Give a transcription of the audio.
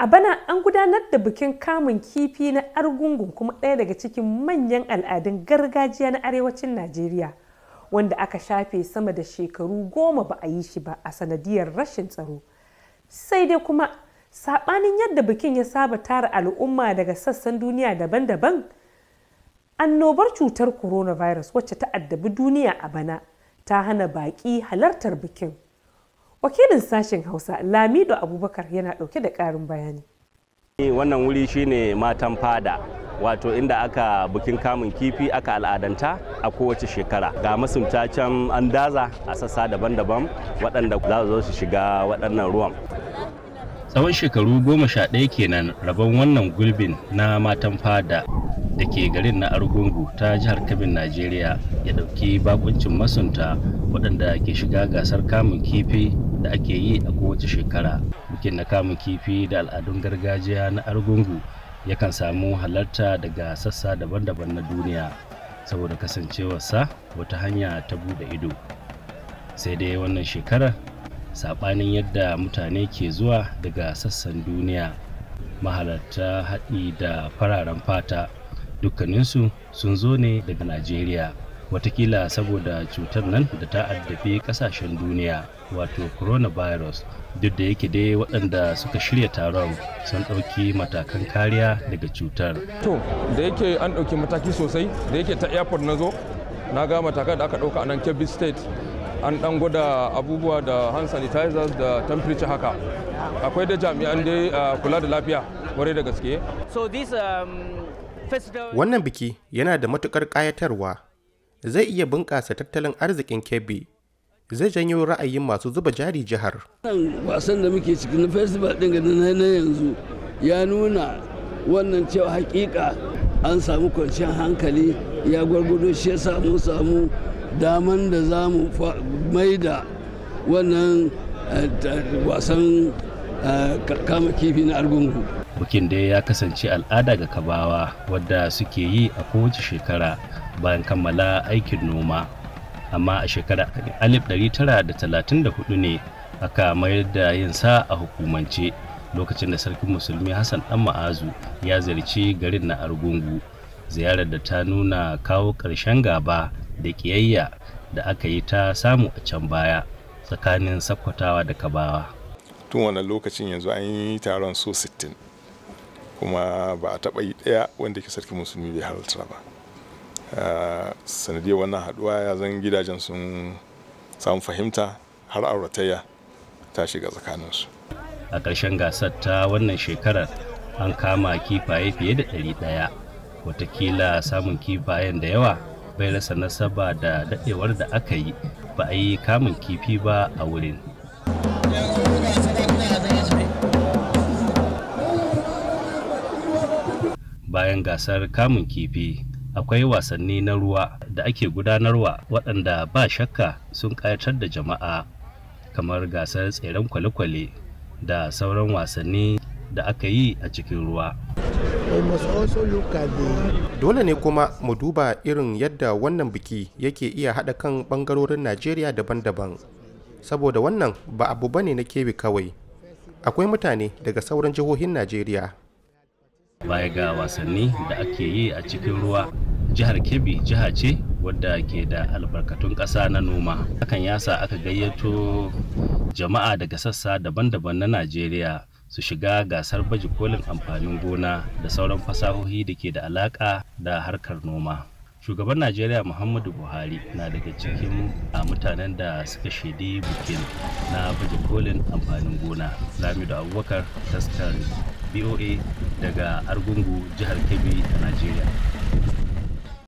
A bana an gudanar da bikin kamun kifi na Argungun kuma ɗaya daga cikin manyan al'adun gargajiya na arewacin Najeriya wanda aka shafe sama da shekaru goma ba a yi shi ba a sanadiyar rashin tsaro. Sai dai kuma saɓanin yadda bikin ya saba tara al'umma daga sassan duniya daban-daban annobar cutar coronavirus wacce ta addabi duniya a bana ta hana baƙi halartar bikin. wakilin sashen hausa lamido abubakar yana dauke da karin bayani wannan wuri shine matan fada wato inda aka bukin kamun kifi aka al'adanta a kowace shekara ga masunta can an daza a sassa daban-daban waɗanda za su zo su shiga waɗannan ruwan tsawon shekaru goma sha ɗaya kenan rabon wannan gulbin na matan fada da ke garin na argungu ta jihar kabin najeriya ya ɗauki bakuncin masunta waɗanda ke shiga gasar kamun kifi da ake yi a kowace shekara bikin na kamun kifi da al'adun gargajiya na argungu yakan samu halarta daga sassa daban-daban na duniya saboda kasancewarsa wata hanya ta buɗe ido sai dai wannan shekarar saɓanin yadda mutane ke zuwa daga sassan duniya mahalarta haɗi da fararen fata dukkaninsu sun zo ne daga najeriya watakila saboda cutar nan da ta addabi kasashen duniya wato coronavirus duk da yake dai waɗanda suka shirya taron sun ɗauki matakan kariya daga cutar to da yake an ɗauki mataki sosai da yake ta airport na zo na ga matakan da aka ɗauka a nan kebbi state an ɗan gwada abubuwa da hand sanitizers da temperature haka akwai da jami'an dai kula da lafiya kwarai da gaske um, Wannan biki yana da matukar ƙayatarwa zai iya bunƙasa tattalin arzikin Kebbi. Zai janyo ra'ayin masu zuba jari jihar. Wasan da muke ciki na festival ɗin ga na yanzu ya nuna wannan cewa hakika an samu kwanciyar hankali ya gwargwado shi ya samu samu daman da za mu maida wannan eh, wasan eh, kama kifi na argungu bukin dai ya kasance al'ada ga kabawa wadda suke yi a kowace shekara bayan kammala aikin noma amma a shekara 1934 ne aka mayar da yin sa a hukumance lokacin da sarkin musulmi hassan dan ma'azu ya ziyarci garin na argungu ziyarar da ta nuna kawo ƙarshen gaba da ƙiyayya da aka yi ta samu a can baya tsakanin sakkwatawa da kabawa tun wannan lokacin yanzu an yi taron so 60 kuma ba a taɓa yi ɗaya wanda ke sarki musulmi bai halarta ba ah, sanadiyar wannan haɗuwa ya zan gidajen sun samu fahimta har auratayya ta shiga tsakaninsu a ƙarshen gasar ta wannan shekarar an kama kifaye fiye da ɗari ɗaya watakila samun kifayen da yawa bai rasa nasaba da daɗewar da aka yi ba a yi kamun kifi ba a wurin. bayan gasar kamun kifi akwai wasanni na ruwa da ake gudanarwa waɗanda ba shakka sun ƙayatar da jama'a kamar gasar tseren kwale-kwale da sauran wasanni da aka yi a cikin ruwa. Dole ne kuma mu duba irin yadda wannan biki yake iya haɗa kan ɓangarorin Najeriya daban-daban. Saboda wannan ba abu bane na kebi kawai. Akwai mutane daga sauran jihohin Najeriya baya ga wasanni da ake yi a cikin ruwa jihar kebbi jiha ce wadda ke da albarkatun ƙasa na noma hakan ya sa aka gayyato jama'a daga sassa daban-daban na najeriya su shiga gasar baje kolin amfanin gona da sauran fasahohi da ke da alaƙa da harkar noma shugaban najeriya muhammadu buhari na daga cikin mutanen da suka shaidi bikin na baje kolin amfanin gona lamido abubakar taskar boa daga argungu jihar kebbi a najeriya